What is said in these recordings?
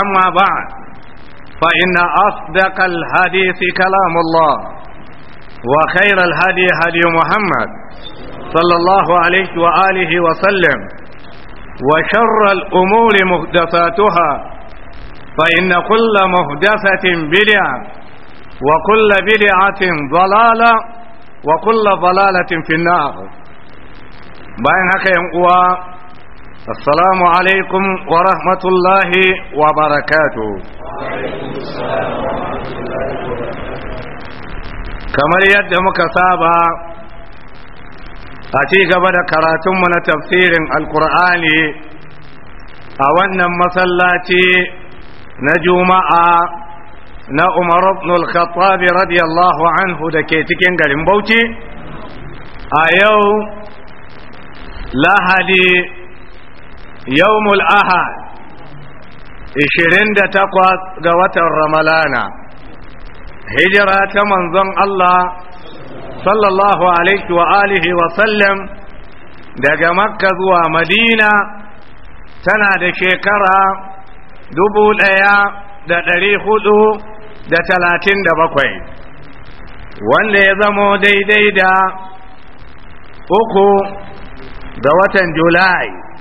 أما بعد فإن أصدق الحديث كلام الله وخير الهدي هدي محمد صلى الله عليه وآله وسلم وشر الأمور مهدفاتها فإن كل مهدفة بدعة وكل بدعة ضلالة وكل ضلالة في النار باين هكا يا السلام عليكم ورحمة الله وبركاته kamar yadda muka saba a ci gaba da karatunmu na tafsirin alkur'ani a wannan masallaci na juma'a na umar ibnul radiyallahu anhu da ke cikin garin bauchi a yau lahadi Yau yawmul ahad 28 ga watan ramalana hijira ta manzon Allah sallallahu alaihi wa wa sallam daga makka zuwa madina tana da shekara dubu ɗaya da ɗari hudu da talatin da bakwai wanda ya zamo daidai da uku ga watan julai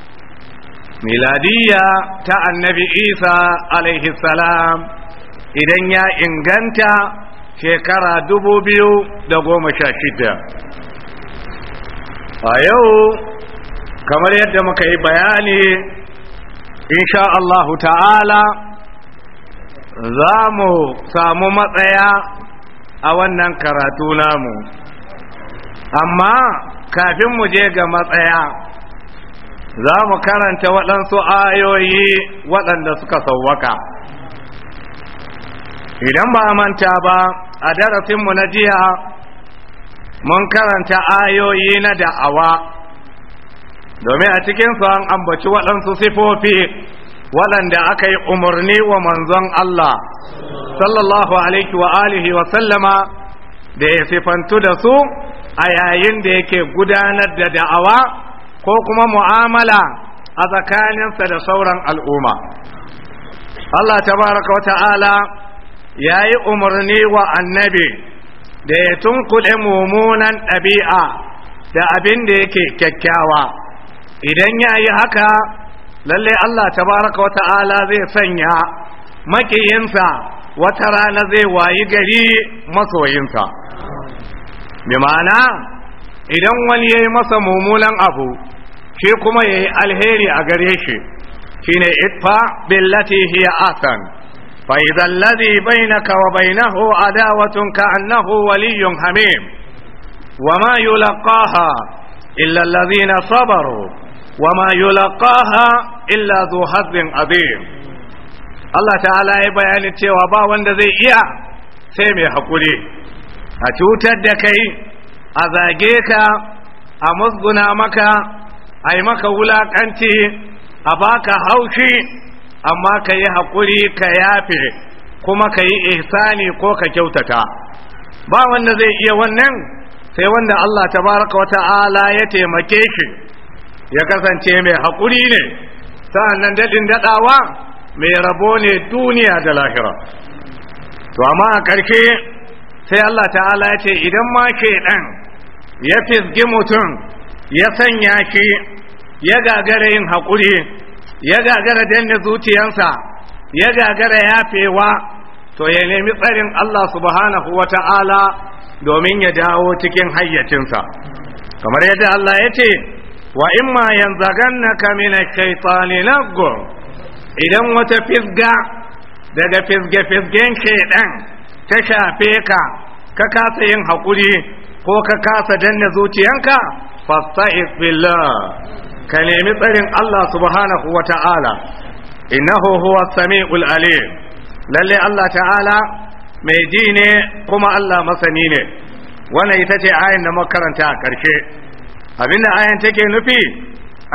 miladiyya ta annabi isa alaihi salam idan ya inganta shekara dubu biyu da goma sha shida a yau kamar yadda muka yi bayani insha Allahu ta'ala za mu samu matsaya a wannan karatu namu amma kafin mu je ga matsaya za mu karanta waɗansu ayoyi waɗanda suka sauwaka idan ba a manta ba a darasinmu na jiya mun karanta ayoyi na da'awa domin a cikinsu an ambaci waɗansu sifofi waɗanda aka yi umarni wa manzon Allah sallallahu alaihi wa alihi wa sallama da ya sifantu da su a yayin da yake gudanar da da'awa ko kuma mu'amala a tsakaninsa da sauran al'umma Allah tabaraka wata'ala ya yi umarni wa annabi da ya tunkuɗe mummunan ɗabi'a da abin da yake kyakkyawa idan ya yi haka lalle Allah tabaraka wata'ala zai sanya makiyinsa wata rana zai wayi gari masoyinsa bi ma'ana idan wani ya yi masa mummunan abu shi kuma ya yi alheri a gare shi shi ne itfa billati hiya asan fa idan ladhi bainaka wa bainahu adawatun ka annahu waliyun hamim wa ma yulaqaha illa alladhina sabaru wa ma yulaqaha illa dhu hazzin azim Allah ta'ala ya bayani cewa ba wanda zai iya sai mai hakuri a cutar da kai a zage ka a musguna maka a yi maka wulaƙanci a baka haushi amma ka yi haƙuri ka yafe kuma ka yi ihsani ko ka kyautata ba wanda zai iya wannan sai wanda Allah ta tabaraka wata ala ya taimake shi ya kasance mai haƙuri ne sa'annan daɗin daɗawa mai rabo ne duniya da lahira to amma a ƙarshe sai Allah ta'ala ya ce idan ma ke ɗan ya fisgi mutum ya sanya shi ya gagara yin haƙuri ya gagara danne zuciyansa ya gagara yafewa to ya nemi tsarin Allah subhanahu wa ta'ala domin ya dawo cikin hayyacinsa kamar yadda Allah ya ce wa imma yanzu ganna kamina kai nazghun idan wata fisga daga fisge-fisgen shedan ta shafe ka ka kasa yin haƙuri ko ka kasa danna zuciyanka fasta'iz billah ka nemi tsarin Allah subhanahu ta'ala. innahu huwa samiul alim lalle Allah ta'ala mai ji ne kuma Allah masani ne wannan ita ce ayin da makaranta a karshe abinda ayin take nufi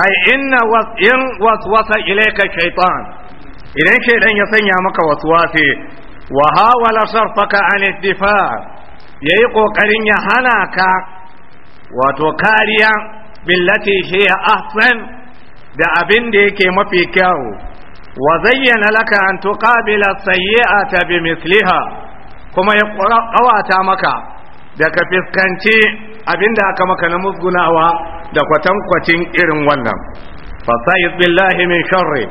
ai inna in waswasa ilayka shaytan idan ke dan ya sanya maka waswasi wa hawala sarfaka an ittifaq Yayi yi ƙoƙarin ya hana ka wato kariya billati ya ahsan da abin da yake mafi kyau. wa zayyana laka an tuqabila sayyi'ata bi misliha kuma ya ƙawata maka da ka fiskanci abin da aka maka na musgunawa da kwatankwacin irin wannan fasayid billahi min sharri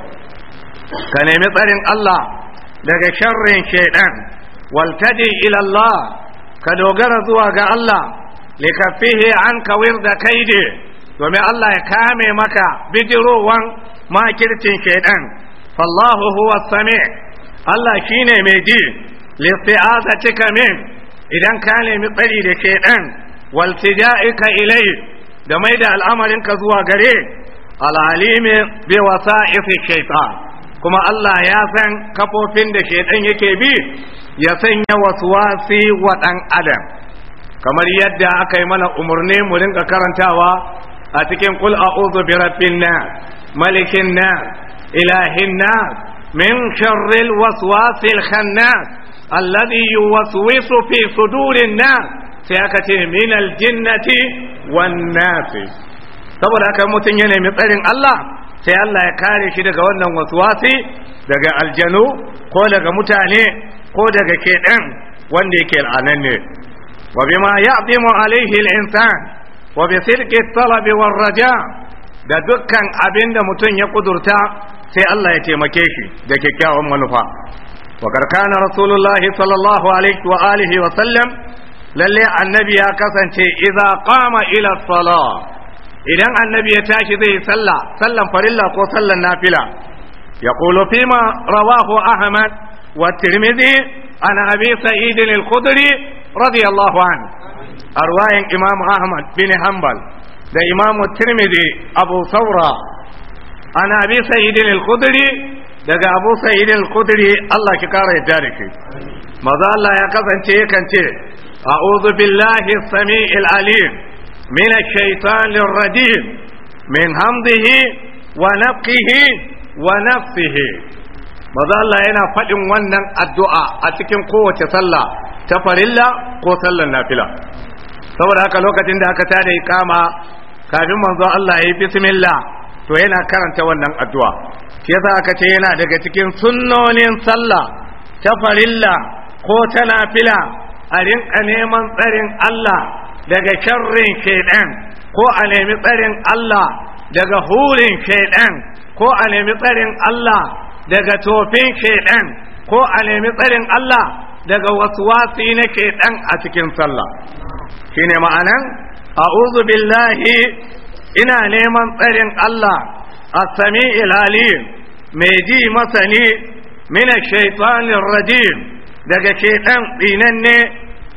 ka nemi tsarin Allah daga sharrin shaiɗan. waltadi ila Allah ka dogara zuwa ga Allah likaffihi an kawir da kaide domin Allah ya kame maka bijirowan makircin shaidan fallahu huwa sami Allah shine mai ji cika min idan ka nemi tsari da shaidan waltija'ika ilai da mai da al'amarinka zuwa gare al'alimi bi wasa'ifi shaitan kuma Allah ya san kafofin da shedan yake bi ya sanya waswasi wa dan adam kamar yadda aka yi mana umarni mu rinka karantawa a cikin qul a'udhu bi rabbin nas malikin nas ilahin nas min sharril waswasil khannas alladhi yuwaswisu fi sudurin nas sai aka ce min aljinnati wan nas saboda haka mutum ya nemi tsarin Allah sai Allah ya kare shi daga wannan wasi daga aljanu ko daga mutane ko daga keɗan wanda yake al'ananne wa bima ya'dimu alaihi al-insan wa bi sirqi talabi war raja da dukkan abin da mutum ya kudurta sai Allah ya taimake shi da kyakkyawan manufa wa karkana rasulullahi sallallahu alaihi wa alihi wa sallam lalle annabi ya kasance idza qama ila salah idan annabi ya tashi zai sallah sallan farilla ko sallan nafila ya qulu fima rawahu ahmad wa tirmidhi ana abi sa'id al-khudri radiyallahu an Arwayin imam ahmad bin hanbal da imam tirmidhi abu saura ana abi sa'id al-khudri daga abu sa'id al-khudri Allah ki kara yadda da kai maza Allah ya kasance yakan ce a'udhu billahi as-sami'il alim من الشيطان الرجيم من همضه ونفقه ونفسه maza Allah yana faɗin wannan addu'a a cikin kowace sallah ta farilla ko sallar nafila saboda haka lokacin da aka tada ikama kafin manzo Allah yayi yi bismillah to yana karanta wannan addu'a shi yasa aka ce yana daga cikin sunnonin sallah ta farilla ko ta nafila a rinka neman tsarin Allah daga sharrin shaidan ko a nemi tsarin Allah daga hurin shaidan ko a nemi tsarin Allah daga tofin shaidan ko a nemi tsarin Allah daga wasu waswasi na shaidan a cikin sallah shine ma'anan a'udhu billahi ina neman tsarin Allah a sami ilali, mai ji masani mina ash rajim daga shaidan dinanne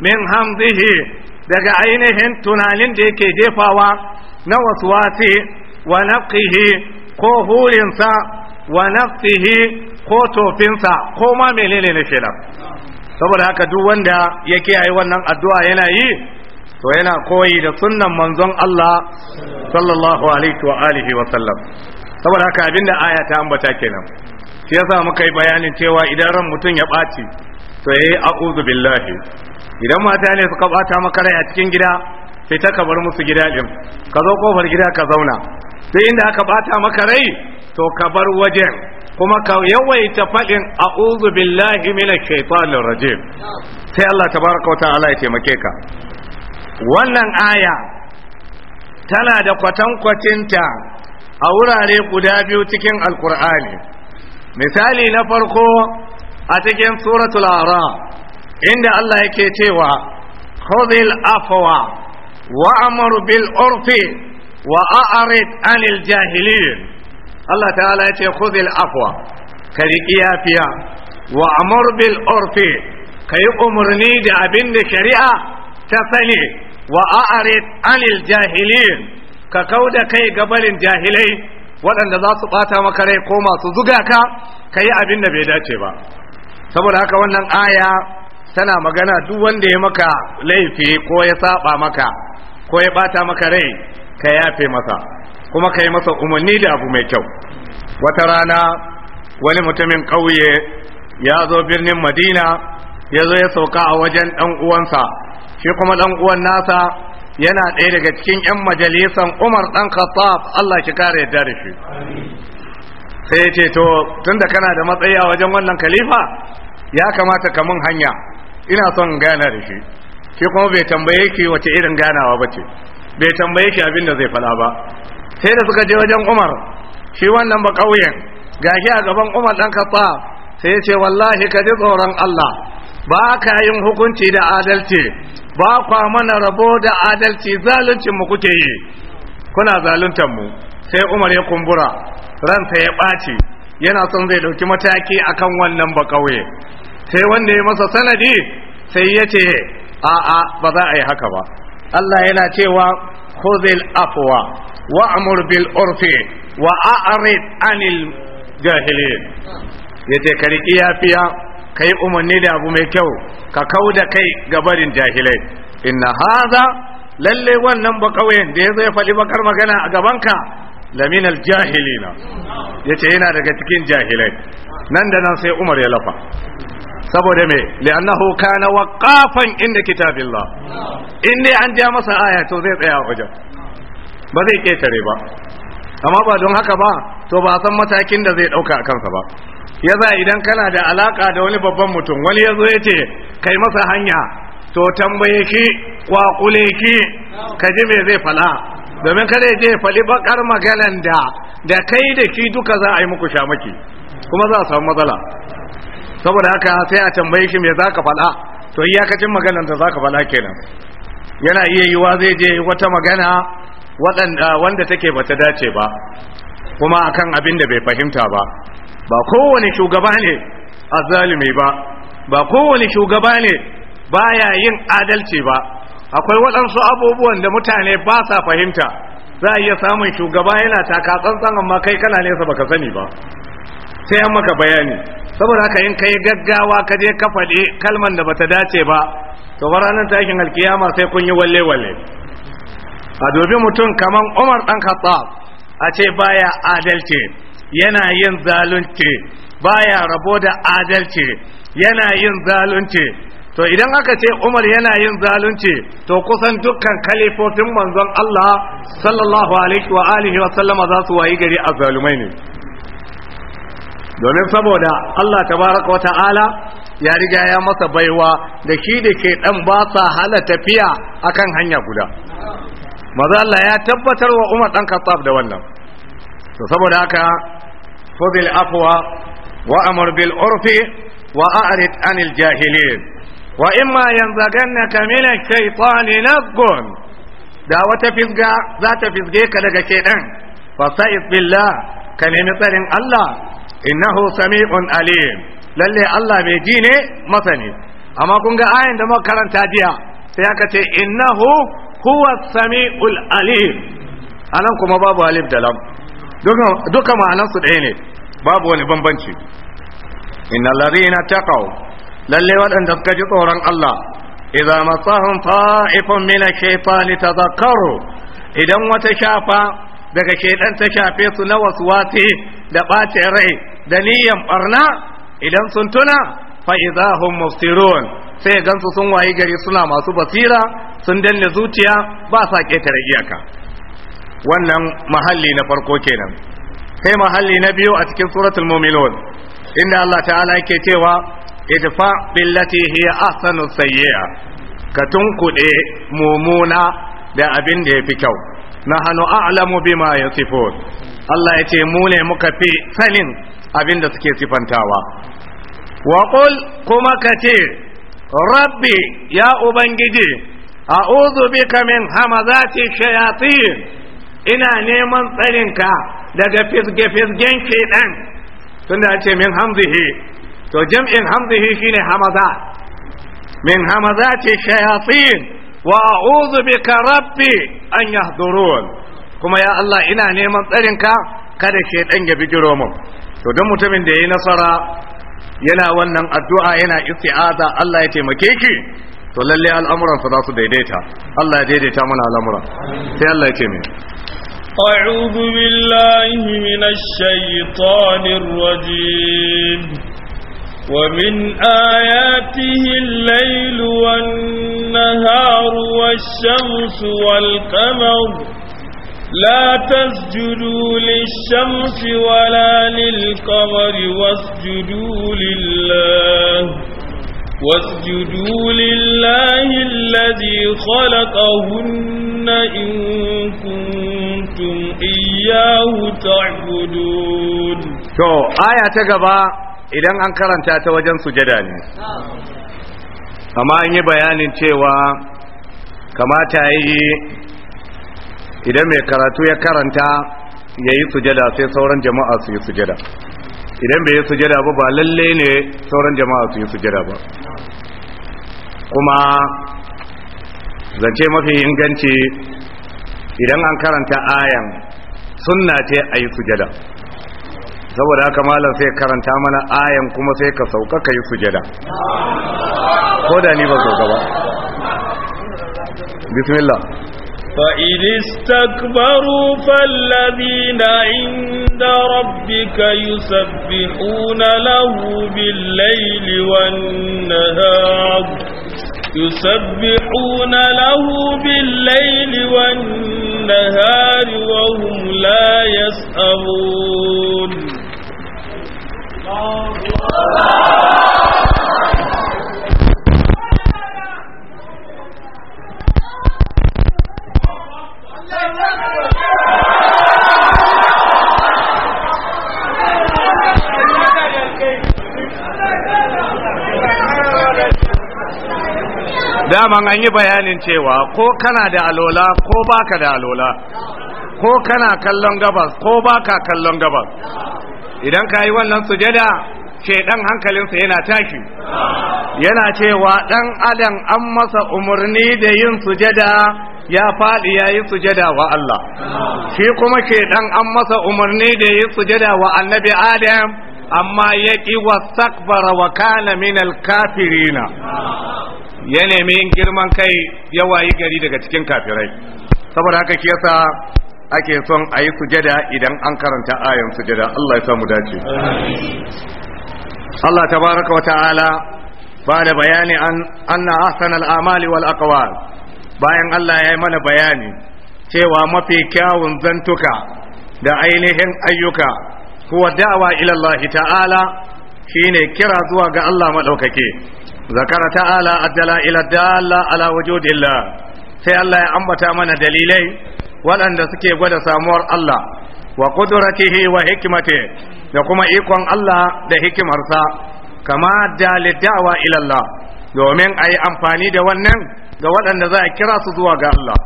min hamdihi daga ainihin tunanin da yake jefawa na waswasi wa nafsihi ko hurinsa wa nafsihi ko tofinsa ko ma menene na kenan saboda haka duk wanda ya kiyaye wannan addu'a yana yi to yana koyi da sunnan manzon Allah sallallahu alaihi wa alihi wa sallam saboda haka abinda aya ta ambata kenan shi yasa muka yi bayanin cewa idan ran mutum ya ɓaci to yayi a'udhu billahi idan mata ne suka bata maka rai a cikin gida sai ta kabar musu gida din ka zo kofar gida ka zauna sai inda aka bata maka rai to ka bar wajen kuma ka yawaita fadin a'udhu billahi minash shaitanir rajim sai Allah tabaraka wa ta'ala ya taimake ka wannan aya tana da kwatankwacinta a wurare guda biyu cikin alkur'ani misali na farko a cikin suratul ara inda Allah yake cewa khudhil afwa wa amr bil urfi wa a'rid anil jahilin Allah ta'ala yace khudhil afwa ka riƙi yafiya wa amr bil urfi kai umurni da abin da shari'a ta sani wa a'rid anil jahilin ka kauda kai gabarin jahilai waɗanda za su ɓata maka rai ko masu zuga ka ka yi abin da bai dace ba saboda haka wannan aya tana magana duk wanda ya maka laifi ko ya saba maka ko ya bata maka rai ka yafe masa kuma ka yi masa umarni da abu mai kyau wata rana wani mutumin ƙauye ya zo birnin madina ya zo ya sauka a wajen ɗan uwansa shi kuma ɗan uwan nasa yana ɗaya daga cikin 'yan majalisan umar ɗan khattab allah ki kare yadda da shi sai ya ce to tunda kana da matsayi a wajen wannan kalifa ya kamata ka mun hanya ina son gana da shi shi kuma bai tambaye ki wace irin ganawa ba bai tambaye ki abin da zai fada ba sai da suka je wajen umar shi wannan ba ƙauyen gashi a gaban umar ɗan kasa sai ya ce wallahi ka ji tsoron allah ba ka yin hukunci da adalci ba kwa mana rabo da adalci zaluncin mu kuke yi kuna zaluntar mu sai umar ya kumbura ransa ya ɓaci yana son zai ɗauki mataki a kan wannan ba ƙauye sai wanda ya masa sanadi sai ya ce a'a ba za a yi haka ba Allah yana cewa afuwa wa amur bil urfi wa a'rid anil jahilin ce ka riki yafiya kai umarni da abu mai kyau ka kau da kai ga barin jahilai inna haza lalle wannan ba kauyen da ya zai faɗi bakar magana a gabanka laminal jahilina ya ce yana daga cikin jahilai nan da nan sai umar ya lafa saboda me, li'annahu kana waqafan inda kitabillah in dai an ja masa aya to zai tsaya wajen ba zai ketare ba amma ba don haka ba to ba san matakin da zai dauka a kansa ba yaza idan kana da alaka da wani babban mutum wani ya zo ya ce kai masa hanya to tambaye ki kwakule ki kaji me zai fala domin kada je fali bakar maganan da da kai da shi duka za a yi muku shamaki kuma za a samu matsala saboda haka sai a tambaye shi me zaka faɗa to iyakacin maganan da zaka faɗa kenan yana iya yiwa zai je wata magana wanda take bata dace ba kuma akan abin da bai fahimta ba ba kowane shugaba ne azzalimi ba ba kowane shugaba ne baya yin adalci ba akwai waɗansu abubuwan da mutane ba sa fahimta za a iya samun shugaba yana taka tsantsan amma kai kana nesa baka sani ba sai an maka bayani saboda haka in kai gaggawa ka je ka faɗi kalman da bata dace ba to ranar takin alkiyama sai kun yi walle walle a dobi mutum kamar Umar dan Khattab a ce baya adalci yana yin zalunci baya rabo da adalci yana yin zalunci to idan aka ce umar yana yin zalunci to kusan dukkan kalifofin manzon Allah sallallahu alaihi wa alihi wa sallama za su wayi gari a zalumai ne domin saboda Allah tabaraka wa ta'ala ya riga ya masa baiwa da shi da ke dan ba sa hala tafiya akan hanya guda maza Allah ya tabbatar wa Umar dan Khattab da wannan to saboda haka fadil afwa wa amr bil urfi wa a'rid anil jahilin wa in ma kai mina shaytani nazgun da wata fisga za ta fisge ka daga shedan fasa'iz billah ka nemi tsarin Allah innahu sami'un alim Lallai Allah mai ji ne masani amma kun ga ayin da muka karanta jiya sai aka ce innahu huwa sami'ul alim anan kuma babu alif da lam duka ma'anansu ɗaya ne babu wani bambanci inna ladina taqaw lalle waɗanda suka ji tsoron Allah idza masahum fa'ifun min ash-shaytani tadhakkaru idan wata shafa daga shaydan ta shafe su na waswasi da bace rai da niyyan barna idan sun tuna fa idza sai gansu sun wayi gari suna masu basira sun danne zuciya ba sa ketare iyaka wannan mahalli na farko kenan sai mahalli na biyu a cikin suratul mu'minun inda Allah ta'ala yake cewa idfa billati hiya ahsanu sayyi'a ka tunkuɗe mumuna da abin da yafi kyau nahnu a'lamu bima yasifun Allah ya ce mu ne muka fi sanin abin da suke sifantawa wa qul kuma kace rabbi ya ubangiji a'udhu bika min hamazati shayatin ina neman tsarinka daga fisge-fisgen shedan tunda ce min hamzihi to jam'in hamdihi shine hamaza min hamazati shayatin wa a'udhu bika rabbi an yahdurun kuma ya Allah ina neman tsarinka kada shedan ya bijiro mu to don mutumin da yayi nasara yana wannan addu'a yana isti'aza Allah ya taimake ki to lalle al'amuran su za su daidaita Allah ya daidaita mana al'amuran. sai Allah ya ce أعوذ بالله من الشيطان الرجيم ومن آياته الليل والنهار والشمس والقمر لا تسجدوا للشمس ولا للقمر واسجدوا لله واسجدوا لله الذي خلقهن إن كنتم إياه تعبدون شو آية تقبأ idan an karanta ta wajen sujada ne amma an yi bayanin cewa kamata yi idan mai karatu ya karanta ya yi sujada sai sauran jama'a su yi sujada idan bai yi sujada ba ba lalle ne sauran jama'a su yi sujada ba kuma zance mafi inganci idan an karanta ayan sunna ce a yi sujada saboda haka malam sai karanta mana ayan kuma sai ka sauka ka yi sujada ko da ni ba so gaba bismillah فإن استكبروا فالذين عند ربك يسبحون له بالليل والنهار يسبحون له بالليل والنهار وهم لا يسأمون daman an yi bayanin cewa ko kana da alola ko baka da alola ko kana kallon gabas ko baka kallon gabas idan ka yi wannan sujada ke ɗan hankalinsa yana tashi yana cewa ɗan adam an masa umarni da yin sujada ya faɗi ya yi sujada wa Allah shi kuma ɗan an masa umarni da yi sujada wa annabi adam amma ya ƙi wasakbara wa kana min kafirina ya nemi yin girman kai ya wayi gari daga cikin kafirai saboda haka kiyasa ake son a yi sujada idan an karanta ayan sujada Allah ya samu dace Allah tabaraka wa ta'ala ba da bayani an anna ahsanal amali wal aqwal bayan Allah ya yi mana bayani cewa mafi kyawun zantuka da ainihin ayyuka huwa da'wa ila Allah ta'ala shine kira zuwa ga Allah madaukake zakara ta'ala adala ila dalla ala wujudillah sai Allah ya ambata mana dalilai waɗanda suke gwada samuwar Allah wa qudratihi wa da kuma ikon Allah da hikimarsa kama dalidawa ila Allah domin yi amfani da wannan ga waɗanda za a kira su zuwa ga Allah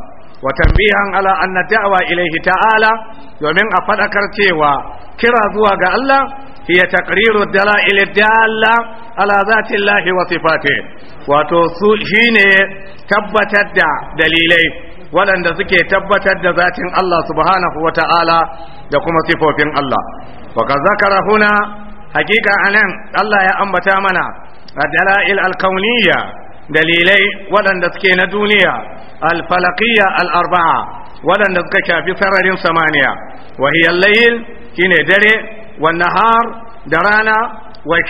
wa tanbihan ala anna da'wa ilayhi ta'ala domin a fadakar cewa kira zuwa ga Allah هي تقرير الدلائل الدالة على wato su shine tabbatar da dalilai. waɗanda suke tabbatar da zatin Allah subhanahu wa ta'ala da kuma sifofin Allah baka zakara huna hakika anan Allah ya ambata mana a dalail alkauniya dalilai waɗanda suke na duniya al-falaqiyya al-arba'a waɗanda suka shafi sararin samaniya Wahiyar Layil shi ne shine dare wan nahar da rana wa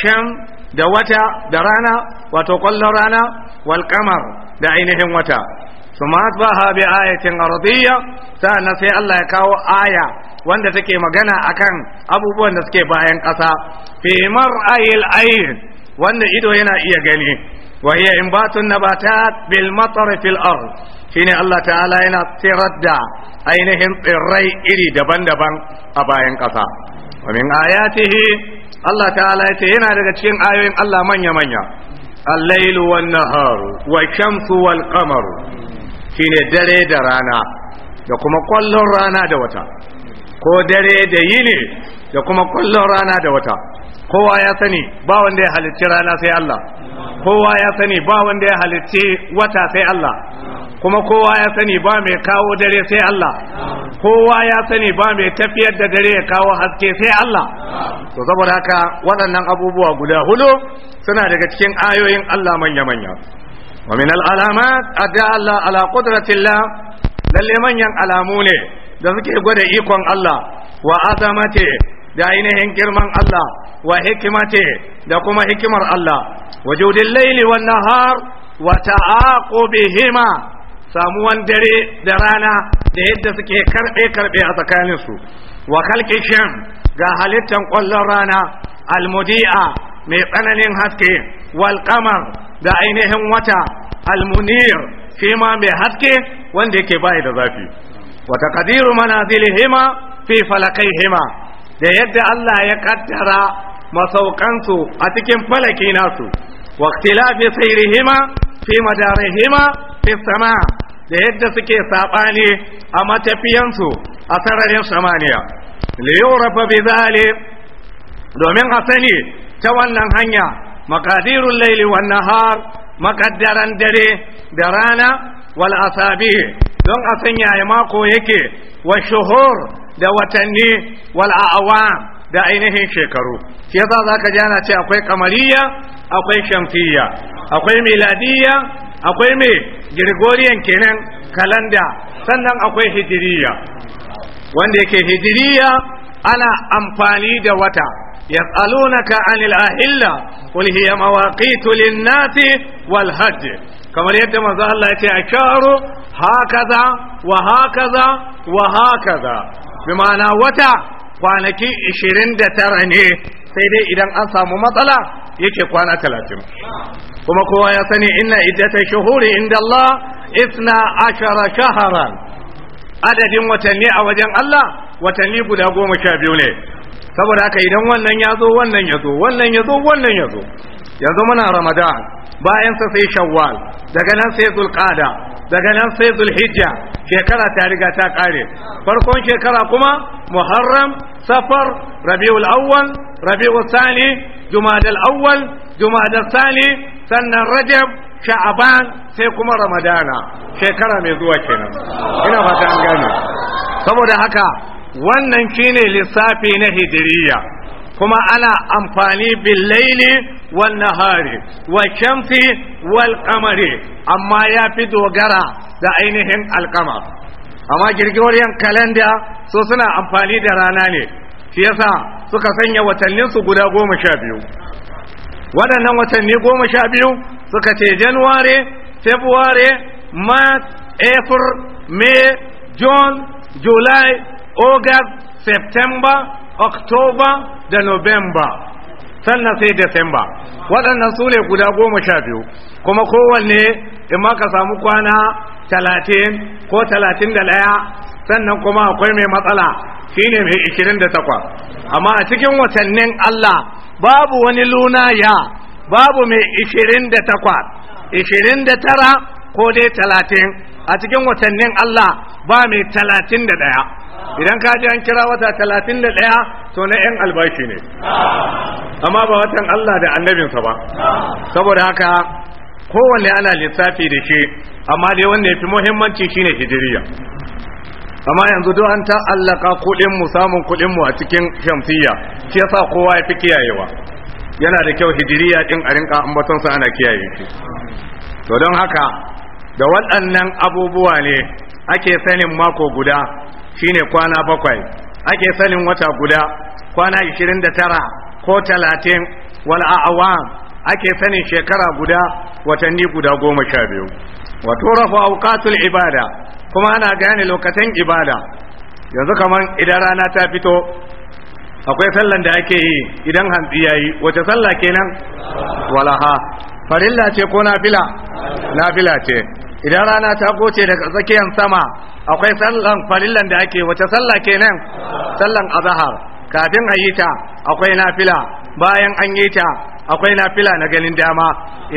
da wata da rana wato ƙwallon rana Walƙamar da ainihin wata su ba ha bi ayatin aradiyya sa'annan sai Allah ya kawo aya wanda take magana akan abubuwan da suke bayan ƙasa fi mar'ayil ayn wanda ido yana iya gani wa hiya inbatun nabatat bil matar fil ard shine Allah ta'ala yana tsirar da ainihin tsirrai iri daban-daban a bayan ƙasa wa min ayatihi Allah ta'ala yace yana daga cikin ayoyin Allah manya-manya al-lailu wan-nahar wa shamsu wal-qamaru shine dare da rana da kuma kwallon rana da wata ko dare da yini da kuma kwallon rana da wata kowa ya sani ba wanda ya halicci rana sai Allah kowa ya sani ba wanda ya halicci wata sai Allah kuma kowa ya sani ba mai kawo dare sai Allah kowa ya sani ba mai tafiyar da dare ya kawo haske sai Allah to saboda haka waɗannan abubuwa guda hudu suna daga cikin ayoyin Allah manya-manya wa min al'alamat allah ala qudratillah lalle manyan alamu ne da suke gwada ikon Allah wa azamate da ainihin girman Allah wa hikimate da kuma hikimar Allah wa judil laili wan nahar wa ta'aqubihima samuwan dare da rana da yadda suke karɓe-karɓe a tsakaninsu wa khalqi ga halittar ƙwallon rana almudi'a mai tsananin haske walƙamar. da ainihin wata almunir shi ma mai haske wanda yake bai da zafi wa taqdiru hima fi hima. da yadda Allah ya kaddara masaukansu a cikin falaki nasu wa ikhtilafi sayrihima fi madarihima fi sama da yadda suke sabani a matafiyansu a sararin samaniya li yurafa bi domin a sani ta wannan hanya maqadirul laili wan nahar makaddaran dare da rana wal asabi don a sanya ya mako yake wa shuhur da watanni wal a'awam da ainihin shekaru shi yasa zaka ji ce akwai ƙamariya, akwai shamsiyya akwai miladiyya akwai me Gregorian kenan kalanda sannan akwai hijiriya wanda yake hijiriya ana amfani da wata يسألونك عن الأهلة قل هي مواقيت للناس والهج كما يد ما الله wa هكذا وهكذا وهكذا بمعنى wata kwanaki tara ne sai dai idan an samu matsala yake kwana talatin. kuma kowa ya sani inna iddata shahuri inda Allah isna ashara shaharan adadin watanni a wajen Allah watanni guda goma sha biyu ne saboda haka idan wannan ya zo wannan ya zo wannan ya zo wannan ya zo yanzu muna ramadan bayan sa sai shawwal daga nan sai zulqada daga nan sai zulhijja shekara ta riga ta kare farkon shekara kuma muharram safar rabiul awwal rabiul thani jumadal awwal jumadal thani sannan rajab sha'aban sai kuma ramadana shekara mai zuwa kenan ina fata an gane saboda haka wannan shine lissafi na hijiriya kuma ana amfani billaili wal nahari wa shamsi wal qamari amma ya fi dogara da ainihin alkama amma girgiriyar kalanda so suna amfani da rana ne shi yasa suka sanya watanninsu guda goma sha biyu waɗannan watanni goma sha biyu suka ce Januwari, february march april may june july august september october da november sannan sai december waɗannan su ne guda goma sha biyu kuma kowanne in ma ka samu kwana talatin ko talatin da ɗaya sannan kuma akwai mai matsala shi ne mai ishirin da takwa. amma a cikin watannin allah babu wani luna ya babu mai ishirin da takwa, ishirin da tara ko dai talatin a cikin watannin allah ba mai talatin da ɗaya idan ka ji an kira wata talatin da ɗaya to na 'yan albashi ne amma ba watan Allah da annabinsa ba saboda haka kowane ana lissafi da shi amma dai wanda ya fi muhimmanci shine hijiriya amma yanzu duk an ta'allaka kuɗin mu samun kuɗin a cikin shamsiyya shi yasa kowa ya fi kiyayewa yana da kyau hijiriya ɗin a rinka ambaton sa ana kiyaye shi to don haka da waɗannan abubuwa ne ake sanin mako guda shine kwana bakwai ake sanin wata guda kwana 29 ko 30 wal a'wan ake sanin shekara guda watanni guda 12 wato rafa awqatul ibada kuma ana gane lokacin ibada yanzu kaman idan rana ta fito akwai sallan da ake yi idan hantsi yayi wace sallah kenan walaha farilla ce ko nafila nafila ce idan rana ta goce daga tsakiyar sama akwai sallan farillan da ake wace sallah kenan sallan azhar kafin a yi ta akwai nafila bayan an yi ta akwai nafila na ganin dama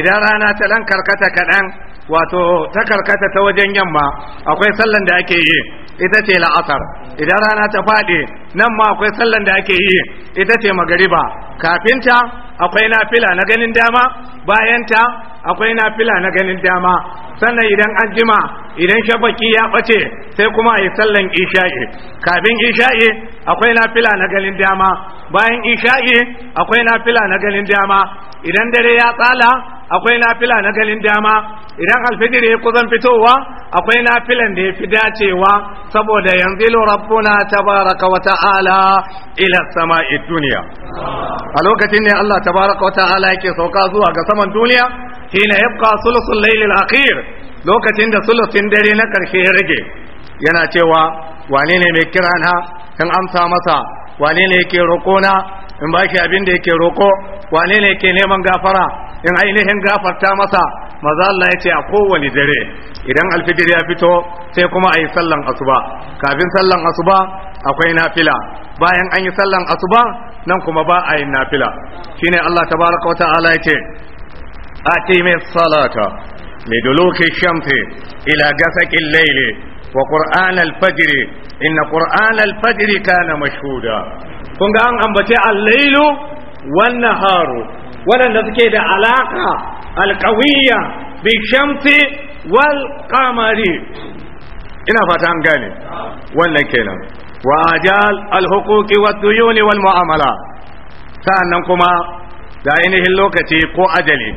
idan rana ta dan karkata kaɗan wato ta karkata ta wajen yamma akwai sallan da ake yi ita ce la'asar idan rana ta faɗi nan ma akwai sallan da ake yi ita ce magariba kafinta akwai nafila na ganin dama bayanta akwai nafila na ganin dama sannan idan an jima idan shafaki ya bace sai kuma a yi sallan isha'i kafin isha'i akwai nafila na ganin dama bayan isha'i akwai nafila na ganin dama idan dare ya tsala akwai nafila na ganin dama idan alfijir ya kusan fitowa akwai nafilan da ya fi dacewa saboda yanzu rabbuna tabaraka wa ta'ala ila sama'i duniya a lokacin ne Allah tabaraka wa ta'ala yake sauka zuwa ga saman duniya hina yabqa sulusul laylil akhir lokacin da sulusin dare na karshe ya rage yana cewa wane ne mai kirana in amsa masa wane ne yake roƙona in baki abin da yake roƙo wane ne yake neman gafara in ainihin gafarta masa maza Allah ya ce a kowane dare idan alfijir ya fito sai kuma ayi yi sallan asuba kafin sallan asuba akwai nafila bayan an yi sallan asuba nan kuma ba a yi nafila shine Allah tabaraka wata'ala ya ce mai salata mai duloki shamsi ila gasaqi layli wa qur'an inna qur'an al kana mashhuda kun ga an ambace al-lailu wan naharu waɗanda suke da alaƙa alkawiya bi shamsi wal ina fata an gane wannan kenan wa ajal al huquqi wad wal muamala sa'annan kuma da ainihin lokaci ko ajali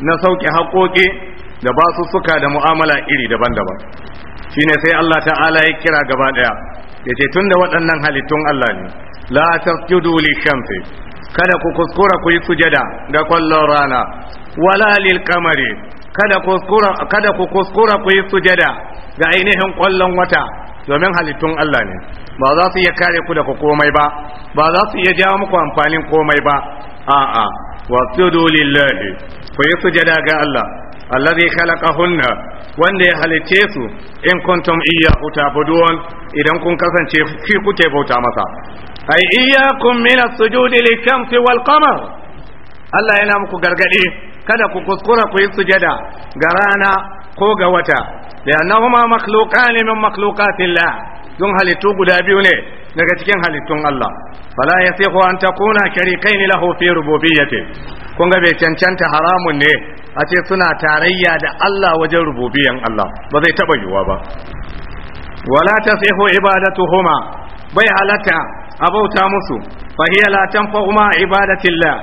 na sauke haƙoƙi da basu suka da mu'amala iri daban-daban shine sai Allah ta'ala ya kira gaba daya yace tunda waɗannan halittun Allah ne la tasjudu shamsi. kada ku kuskura ku yi sujada ga kwallon rana wala lil kamari kada ku kuskura ku yi sujada ga ainihin kwallon wata domin halittun Allah ne ba za su iya kare ku daga komai ba ba za su iya jawo muku amfanin komai ba a'a sujudu lillahi ku yi sujada ga Allah allazi khalaqahunna wanda ya halice su in kuntum iyyahu ta'budun idan kun kasance ku kuke bauta masa ai iyakum min as-sujudi lil-shamsi wal-qamar Allah yana muku gargadi kada ku kuskura ku yi sujada ga rana ko ga wata li'annahuma makhluqan min makhluqatillah dun halittu guda biyu ne daga cikin halittun Allah fala yasihu an takuna sharikain lahu fi rububiyyati kun ga bai cancanta haramun ne a ce suna tarayya da Allah wajen rububiyyan Allah ba zai taba yiwa ba wala tasihu ibadatuhuma bai halatta a bauta musu fa hiya la tanfa'u ma ibadatillah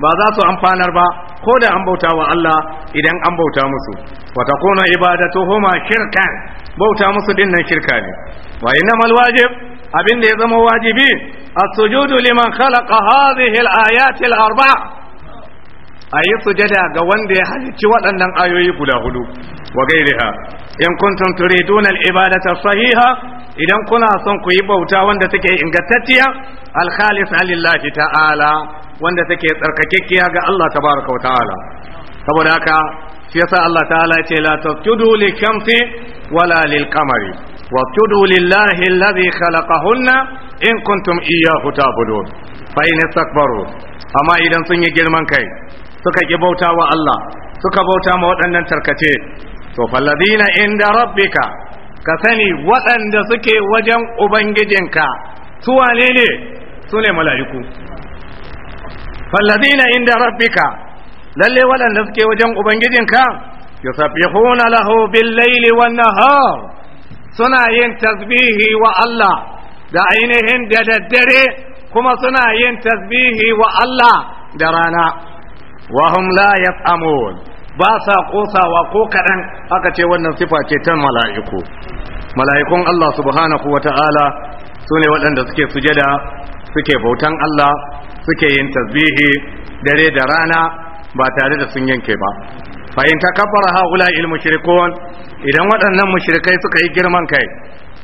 ba za su amfanar ba ko da an bauta wa Allah idan an bauta musu wa takuna ibadatuhuma shirkan bauta musu dinnan shirka ne wa innamal wajib abin da ya zama wajibi as-sujudu liman khalaqa hadhihi al-ayati al-arba'a a yi sujada ga wanda ya halicci waɗannan ayoyi guda hudu wa gairiha in kuntum turiduna al-ibadata sahiha idan kuna son ku yi bauta wanda take ingantacciya al-khalisa lillahi ta'ala wanda take tsarkakekkiya ga Allah tabaraka wa ta'ala saboda haka shi yasa Allah ta'ala ce la tasjudu li shamsi wala lil qamari wasjudu lillahi alladhi khalaqahunna in kuntum iyyahu ta'budun fa in istakbaru amma idan sun yi girman kai suka ƙi bauta wa Allah suka bauta ma waɗannan tarkace to falladina inda rabbika ka sani waɗanda suke wajen ubangijinka su wane ne su ne mala'iku falladina inda rabbika lalle waɗanda suke wajen ubangijinka yusabbihuna lahu bil laili wan nahar suna yin tasbihi wa Allah da ainihin da daddare kuma suna yin tasbihi wa Allah da rana wahum la yat'amun ba sa kosawa ko kadan aka ce wannan sifa ce ta mala'iku mala'ikun Allah subhanahu wata'ala su ne waɗanda suke sujada suke bautan Allah suke yin tasbihi dare da rana ba tare da sun yanke ba fa in takabbara haula il mushrikun idan waɗannan mushrikai suka yi girman kai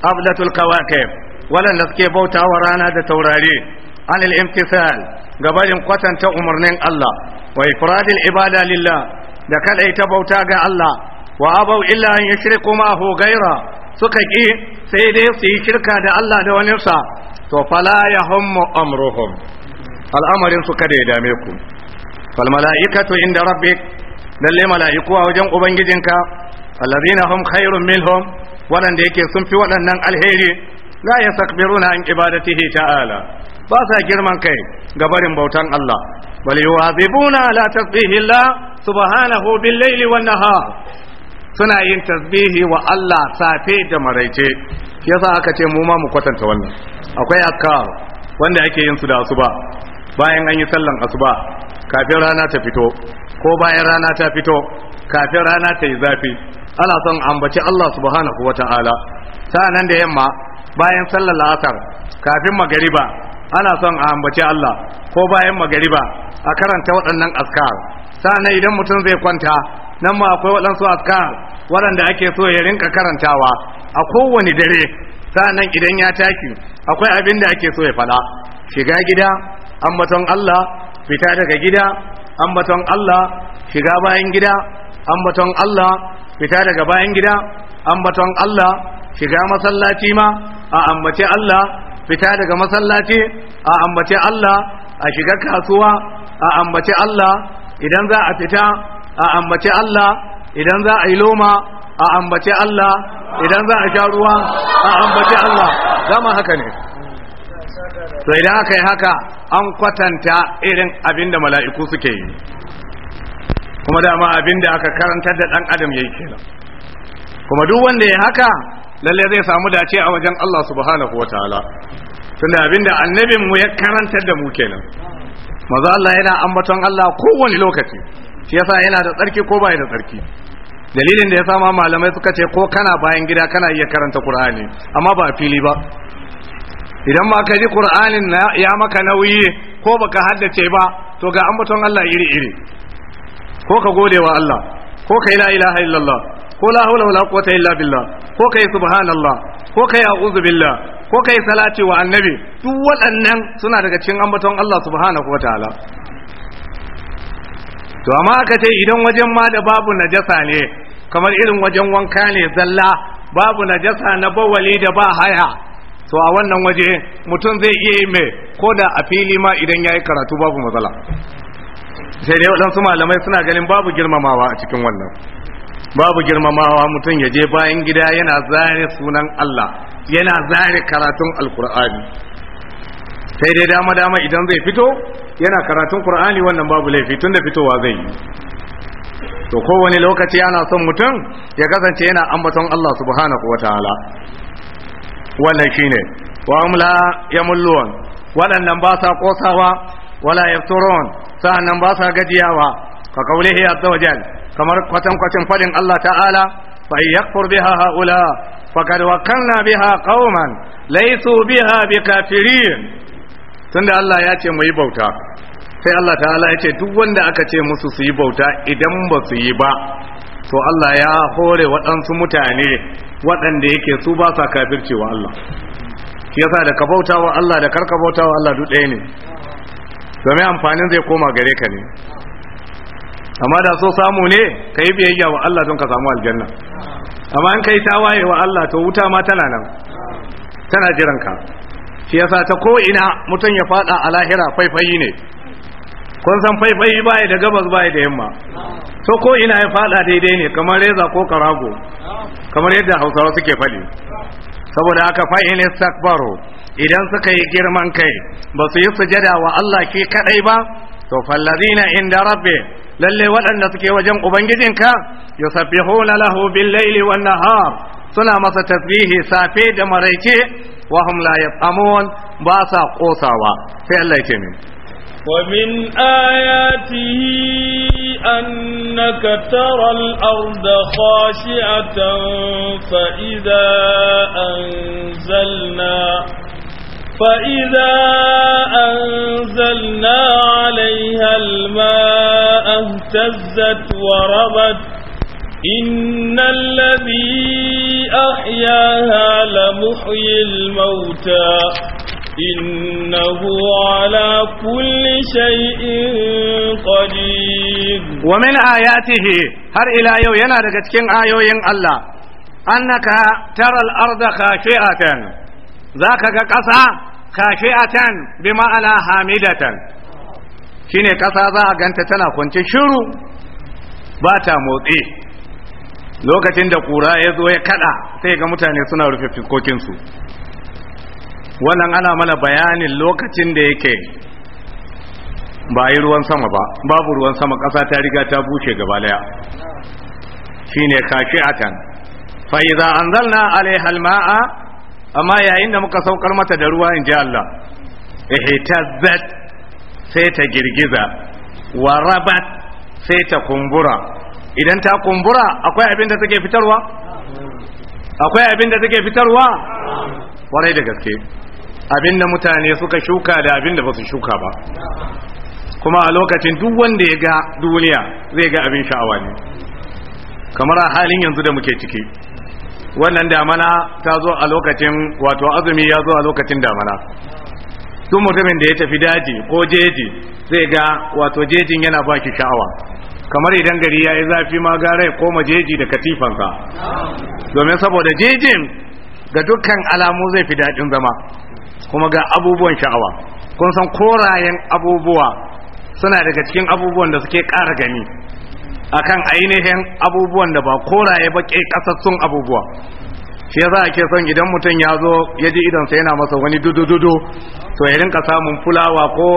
abdatul kawakib waɗanda suke bautawa rana da taurari anil imtisal gabarin kwatanta umarnin Allah wa ifradil ibada lillah da kadaita bauta ga Allah wa abau illa an yushriku ma hu gaira suka ki sai dai su yi shirka da Allah da wani sa to fala yahummu amruhum al'amarin su kada ya dame ku fal mala'ikatu inda rabbik lalle mala'iku a wajen ubangijinka allazina hum khairun minhum waɗanda yake sun fi waɗannan alheri la yastakbiruna an ibadatihi ta'ala ba sa girman kai ga barin bautan Allah bal yuwazibuna ala tasbihillah subhanahu bil laili wan nahar suna yin tasbihi wa Allah safe da maraice yasa aka ce mu ma mu kwatanta wannan akwai akkar wanda ake yin su da asuba bayan an yi sallan asuba kafin rana ta fito ko bayan rana ta fito kafin rana ta yi zafi ana son ambaci Allah subhanahu wata'ala sanan da yamma bayan sallar la'asar kafin magariba ana son a ambaci Allah ko bayan magariba a karanta waɗannan askar sa'annan idan mutum zai kwanta nan ma akwai waɗansu askar waɗanda ake so ya rinka karantawa a kowane dare sa'annan idan ya taki akwai abin da ake so ya faɗa shiga gida ambaton Allah fita daga gida ambaton Allah shiga bayan gida ambaton Allah fita daga bayan gida ambaton Allah shiga masallaci ma a ambace Allah fita daga masallaci a ambace Allah a shiga kasuwa a ambaci Allah idan za a fita a ambaci Allah idan za a yi loma a ambaci Allah idan za a sha ruwa a ambaci Allah zama haka ne to idan aka yi haka an kwatanta irin abinda mala'iku suke yi kuma dama abinda aka karantar da dan adam yayi kenan kuma duk wanda ya haka lalle zai samu dace a wajen Allah subhanahu wataala tunda abinda annabin mu ya karantar da mu kenan maza Allah yana ambaton Allah kowane lokaci shi yasa yana da tsarki ko bai da tsarki dalilin da ya sama malamai suka ce ko kana bayan gida kana iya karanta Qur'ani amma ba fili ba idan ma ka ji Qur'anin ya maka nauyi ko baka haddace ba to ga ambaton Allah iri iri ko ka gode wa Allah ko yi la ilaha illallah ko la hawla wala quwwata illa billah ko ka yi subhanallah ko yi a'udhu billah ko kai salati wa annabi duk waɗannan suna daga cikin ambaton Allah subhanahu wataala to amma aka ce idan wajen ma da babu najasa ne kamar irin wajen wanka ne zalla babu najasa na bawali da ba haya to a wannan waje mutum zai iya yi mai ko da a fili ma idan ya yi karatu babu matsala sai dai waɗansu malamai suna ganin babu girmamawa a cikin wannan babu girmamawa mutum ya je bayan gida yana zare sunan Allah yana zare karatun alkur'ani sai dai dama dama idan zai fito yana karatun kur'ani wannan babu laifi tun da fitowa zai yi to kowane lokaci yana son mutum ya kasance yana ambaton Allah subhanahu wataala wannan shine wa amla yamulluwan waɗannan ba sa kosawa wala yafturun sa'annan ba sa gajiyawa ka kaulihi azza wajal kamar kwatan kwatan fadin Allah ta'ala fa yakfur biha haula biya wakalna biha biya laysu biha Tun tunda Allah ya ce mu yi bauta sai Allah ta'ala ya ce duk wanda aka ce musu su yi bauta idan ba su yi ba to Allah ya hore waɗansu mutane waɗanda yake su ba sa wa Allah Ya yasa da ka wa Allah da karka bauta wa Allah duk ɗaya ne domin amfanin zai koma gare ka ne amma da so samu ne ka yi biyayya wa Allah don ka samu aljanna amma in ka ta tawaye wa Allah to wuta ma tana nan tana jiran ka shi yasa ta ko ina mutum ya fada a lahira faifayi ne kun san faifayi baya da gabas baya da yamma to ko ina ya fada daidai ne kamar reza ko karago kamar yadda hausawa suke fali saboda haka fa'in istakbaru idan suka yi girman kai ba su yi sujada wa Allah ke kadai ba to fallazina inda rabbi lalle waɗanda suke wajen ubangijinka yusabbihuna lahu bil laili wan nahar suna masa tasbihi safe da maraice wa hum la yafamun ba sa kosawa sai Allah ya ce ومن آياته أنك ترى الأرض خاشعة فإذا أنزلنا فإذا أنزلنا عليها الماء اهتزت وربت إن الذي أحياها لمحيي الموتى إنه على كل شيء قدير ومن آياته هر إلى يو ينادك كن آيو ين الله أنك ترى الأرض خاشئة ذاك كقصة خاشئة ألا حامدة shine kasa za a ganta tana kwance shiru ba ta motsi lokacin da kura ya zo ya kada sai ga mutane suna rufe fikokinsu wannan ana mana bayanin lokacin da yake ba yi ruwan sama ba babu ruwan sama kasa ta riga ta bushe gaba daya shine kashi'atan fa idza anzalna alaiha alma'a amma yayin da muka saukar mata da ruwa in ji Allah zai. sai ta girgiza wa rabat sai ta kumbura idan ta kumbura akwai abin da take fitarwa akwai abin da take fitarwa warai da gaske abin da mutane suka shuka da abin da ba su shuka ba kuma a lokacin duk wanda ya ga duniya zai ga abin sha'awa ne kamar a halin yanzu da muke ciki wannan damana ta zo a lokacin wato azumi ya zo a lokacin damana duk mutumin da ya tafi daji ko jeji zai ga wato jejin yana ba ki sha'awa kamar idan gari ya yi zafi ma gara ya koma jeji da katifansa domin saboda jejin ga dukkan alamu zai fi daɗin zama kuma ga abubuwan sha'awa kun san korayen abubuwa suna daga cikin abubuwan da suke ƙara gani akan ainihin abubuwan da ba koraye ba ƙasassun abubuwa shi a ke son idan mutum ya zo ya ji idonsa yana masa wani dudududu to ya rinka samun fulawa ko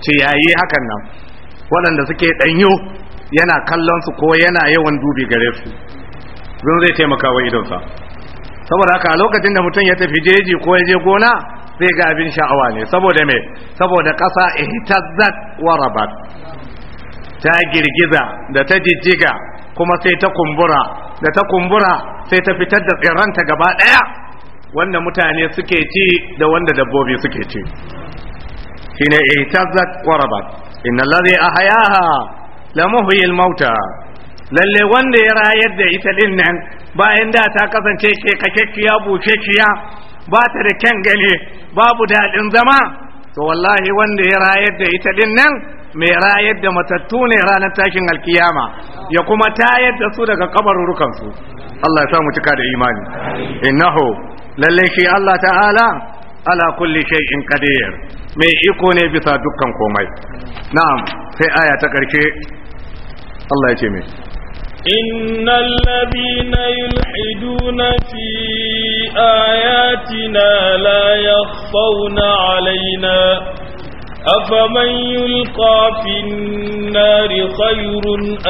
ciyayi hakan nan waɗanda suke ɗanyo yana kallon su ko yana yawan dubi gare su zan zai taimaka wa idonsa saboda haka lokacin da mutum ya tafi jeji ko ya je gona zai ga abin sha'awa ne saboda me saboda ƙasa ihtazzat wa rabat ta girgiza da ta jijjiga kuma sai ta kumbura da ta kumbura sai ta fitar da tsirranta gaba ɗaya wanda mutane suke ci da wanda dabbobi suke ci shine ihtazzat Inna innal a ahyaha la muhyil mauta lalle wanda ya rayar da ita nan bayan da ta kasance ke kakekkiya bata ba ta da kyan gani babu daɗin zama to wallahi wanda ya rayar da ita nan mai rayar da matattu ne ranar tashin alkiyama ya kuma tayar da su daga kabarurukansu Allah ya sa mu cika da imani innahu lalle shi Allah ta'ala ala kulli shay'in qadir mai iko ne bisa dukkan komai na'am sai aya ta karshe Allah ya ce mai إن الذين يلحدون في آياتنا لا يخفون علينا أفمن يلقى في النار خير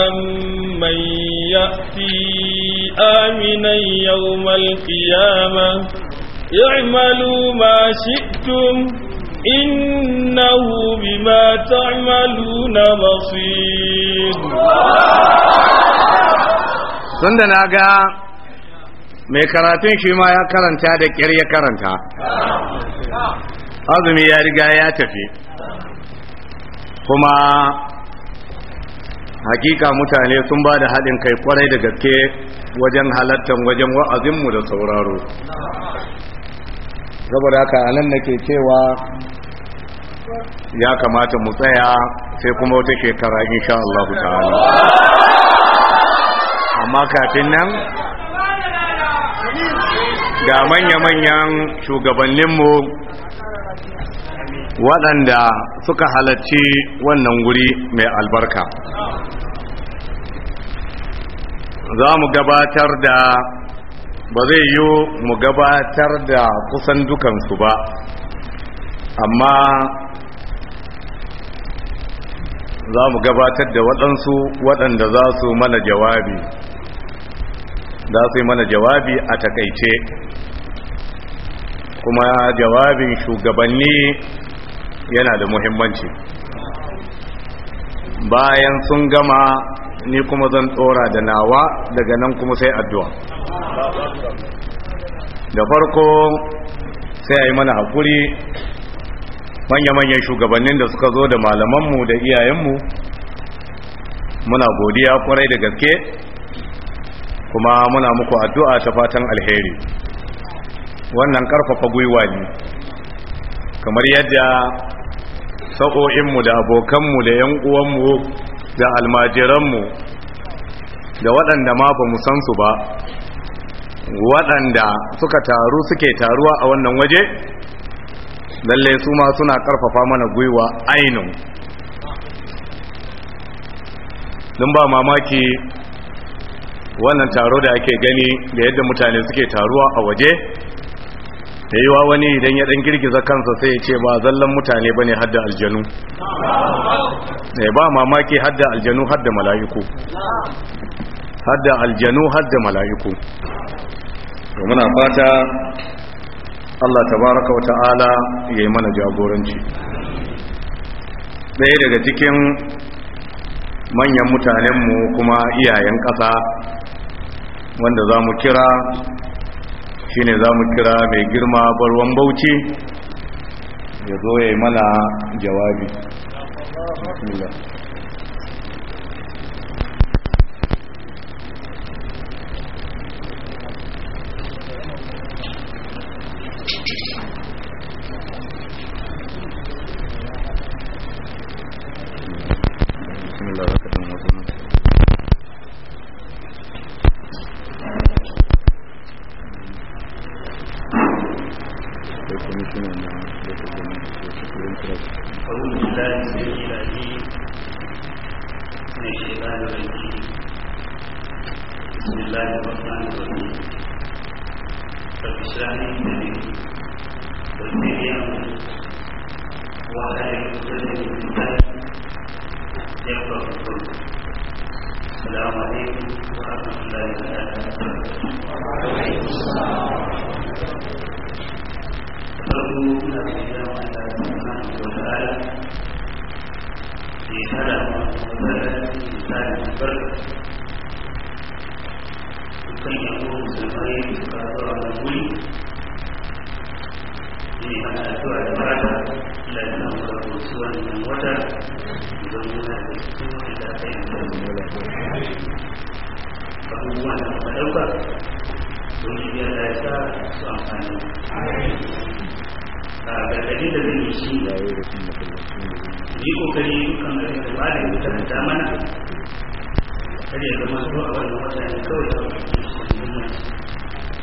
أم من يأتي آمنا يوم القيامة اعملوا ما شئتم إنه بما تعملون بصير sanda na ga mai karatun shi ma ya karanta da ƙyar ya karanta azumi ya riga ya tafi kuma hakika mutane sun ba da haɗin kai kwarai da gaske wajen halattar wajen wa'azinmu da sauraro saboda haka anan nake cewa ya kamata mu tsaya sai kuma wata shekara insha Allah ta'ala amma kafin nan ga manya-manyan shugabanninmu waɗanda suka halarci wannan guri mai albarka za mu gabatar da ba zai yi mu gabatar da kusan dukansu ba amma za mu gabatar da waɗansu waɗanda za su mana jawabi za su yi mana jawabi a takaice kuma jawabin shugabanni yana da muhimmanci bayan sun gama ni kuma zan tsora da nawa daga nan kuma sai addu'a da farko sai a yi mana haƙuri manya-manyan shugabannin da suka zo da malamanmu da iyayenmu muna godiya kwarai da gaske kuma muna muku addu'a ta fatan alheri wannan ƙarfafa gwiwa ne kamar yadda sa'o'inmu da abokanmu da yan uwanmu da almajiranmu da waɗanda ma ba mu san su ba waɗanda suka taru suke taruwa a wannan waje lalle su ma suna ƙarfafa mana gwiwa aino, don ba mamaki wannan taro da ake gani da yadda mutane suke taruwa a waje ta yi wa wani idan ya dan girgiza kansa sai ya ce ba zallan mutane ba ne hadda aljanu eh, ba mamaki hadda aljanu hadda mala'iku hadda aljanu hadda mala'iku to muna fata Allah tabaraka wata'ala ya yi mana jagoranci ɗaya daga cikin manyan mutanenmu kuma iyayen ƙasa wanda za mu kira shine za mu kira mai girma barwan bauchi ya zo ya yi mana jawabi yaitu setelah ini mana addu'a da marada Allah ya samu da musuwa da yan wata don muna da cikin da ta yi da abubuwan da muka ɗauka don shi ya da sa su amfani a gargaɗi da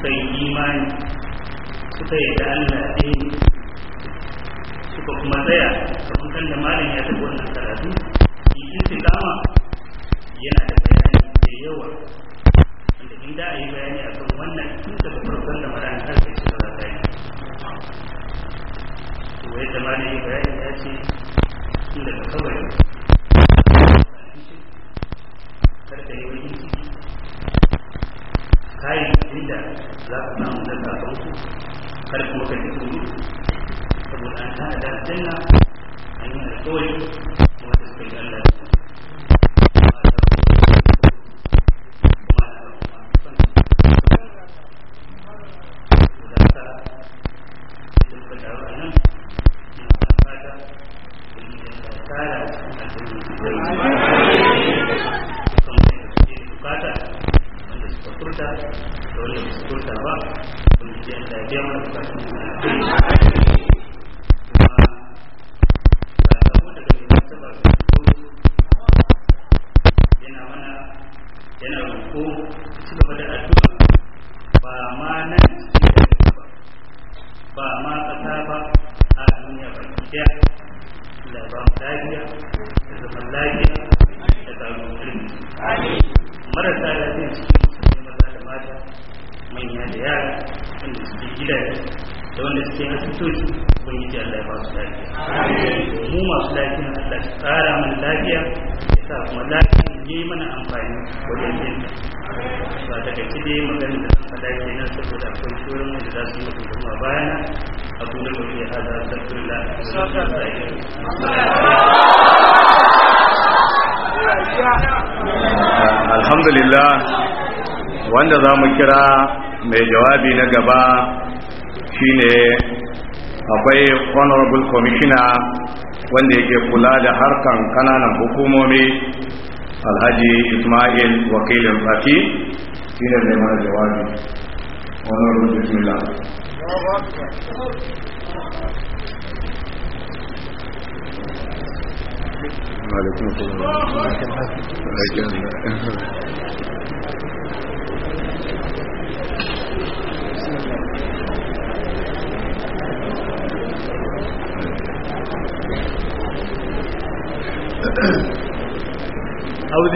suka yi imani suka yi da Allah ɗin suka kuma tsaya a kan da malin ya taɓa wannan karatu ikin su kama yana da bayani da yawa wanda in da a yi bayani kan wannan tun daga farkon da malam ta ce shi ba yi to yadda malin ya bayani ya ce tun daga kawai karfe yi wani ciki kayayyakin da za ku samu da kakanku kar kuma ka ji tsoro saboda an tana da aljanna an yi alƙawari wanda suka yi Allah gaba shine akwai honorable commissioner wanda yake kula da harkan kananan hukumomi alhaji ismail wakilin fati shine mai mana jawabi honorable bismillah وعليكم السلام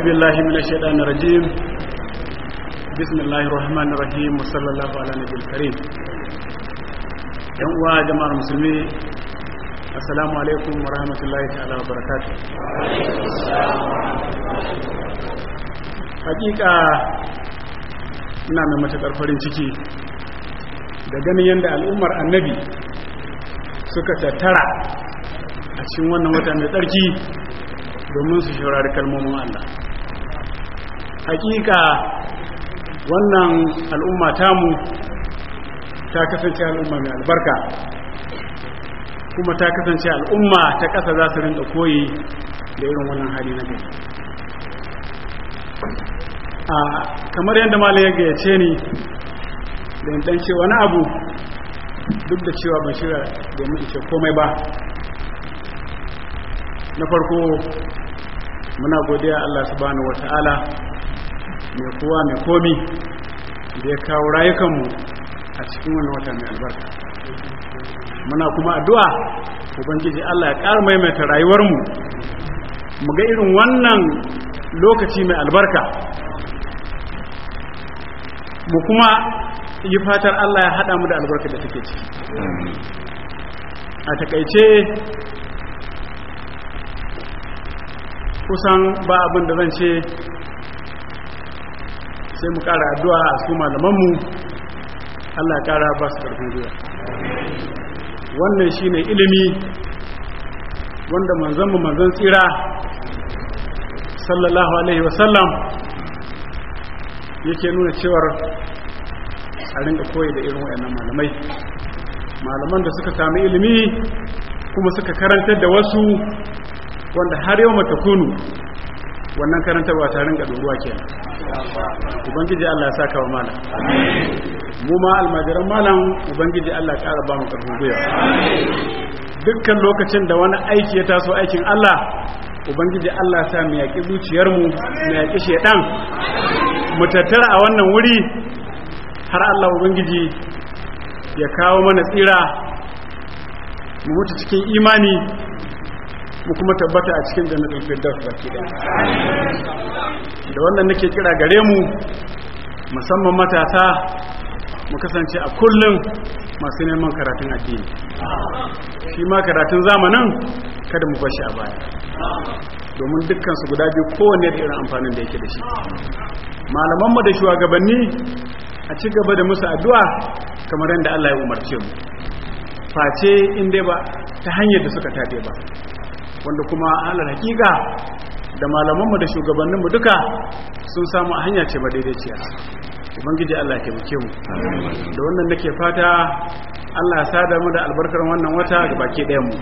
بالله min الشيطان الرجيم بسم الله الرحمن الرحيم وصلى الله على نبي الكريم yan uwa jama'ar musulmi assalamu alaikum wa rahmatullahi ta'ala wa barakatuh hakika ina mai matakar farin ciki da ganin yadda al'ummar annabi suka tattara a cikin wannan wata mai tsarki domin su shaurari kalmomin Allah hakika wannan al'umma tamu ta kasance al'umma mai albarka kuma ta kasance al'umma ta ƙasa za su rinka koyi da irin wannan hali na gani a kamar yadda ya gayyace ni da dan ce wani abu duk da cewa ban shirya da mu ce komai ba na farko muna godiya Allah subhanahu wata'ala mai kowa mai komi da ya kawo rayukanmu a cikin wani wata mai albarka muna kuma addu'a ubangiji Allah ya ƙara maimaita rayuwarmu mu ga irin wannan lokaci mai albarka mu kuma yi fatar Allah ya haɗa mu da albarka da take ciki a takaice kusan ba abin da zan ce sai mu kara addu'a a su malamanmu Allah kara ba su karfin zuwa wannan shine ilimi wanda manzon mu manzon tsira sallallahu alaihi wasallam yake nuna cewar a ringa koyi da irin wayannan malamai malaman da suka sami ilimi kuma suka karantar da wasu wanda har yau mata kunu wannan karantarwa ta ringa doruwa kenan ubangiji Allah ya saka wa malam mu ma almajiran malam ubangiji Allah ya ƙara ba mu karfin gwiwa dukkan lokacin da wani aiki ya taso aikin Allah ubangiji Allah sa mu yaƙi zuciyar mu mu yaƙi shedan mu tattara a wannan wuri har Allah ubangiji ya kawo mana tsira mu mutu cikin imani mu kuma tabbata a cikin jannatul firdaus baki ɗaya. da wannan nake kira gare mu musamman matasa mu kasance a kullum masu neman karatun addini shi ma karatun zamanin kada mu bashi a baya domin dukkan su guda biyu kowane da irin amfanin da yake da shi malamanmu da shugabanni a ci gaba da musu addu'a kamar yadda Allah ya umarce mu face in dai ba ta hanyar da suka tafe ba wanda kuma alal hakika da malamanmu da shugabanninmu duka sun samu hanya ce ba daidaiciya ubangiji Allah ke muke mu da wannan nake fata Allah ya sada mu da albarkar wannan wata ga baki ɗayan mu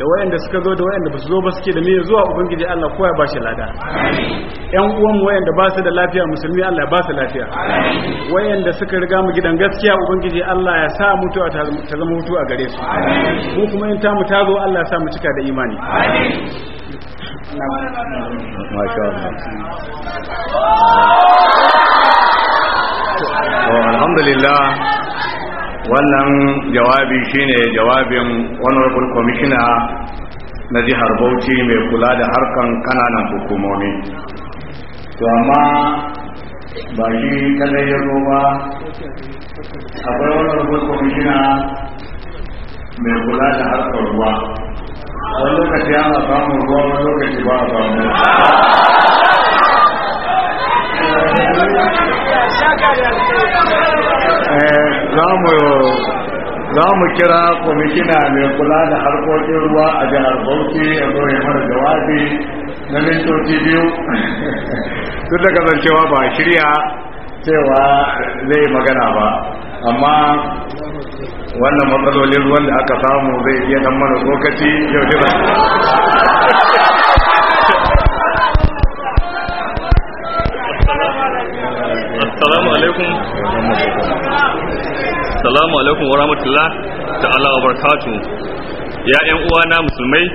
da wayanda suka zo da wayanda ba su zo ba suke da niyyar zuwa ubangiji Allah koya ba shi lada yan uwan mu wayanda ba su da lafiya musulmi Allah ya ba su lafiya wayanda suka riga mu gidan gaskiya ubangiji Allah ya sa mutuwa ta zama a gare su mu kuma in ta mu ta zo Allah ya sa mu cika da imani alhamdulillah wannan jawabi shine jawabin honorable commissioner na jihar Bauchi mai kula da harkan kananan hukumomi to amma ba shi ta ya zo ba akwai honorable commissioner mai kula da harkar ruwa wani lokaci ana samun ruwa wani lokaci ba a samu eh, za mu kira kwamishina mai kula da harkokin ruwa a jihar bauchi a zo ya mara jawabi na mintoci biyu duk da kasancewa ba shirya cewa zai magana ba amma wannan matsalolin ruwan da aka samu zai iya dan mana tsokaci yau da Assalamu alaikum Assalamu alaikum wa rahmatullah ta'ala wa barakatuh ya uwa uwana musulmai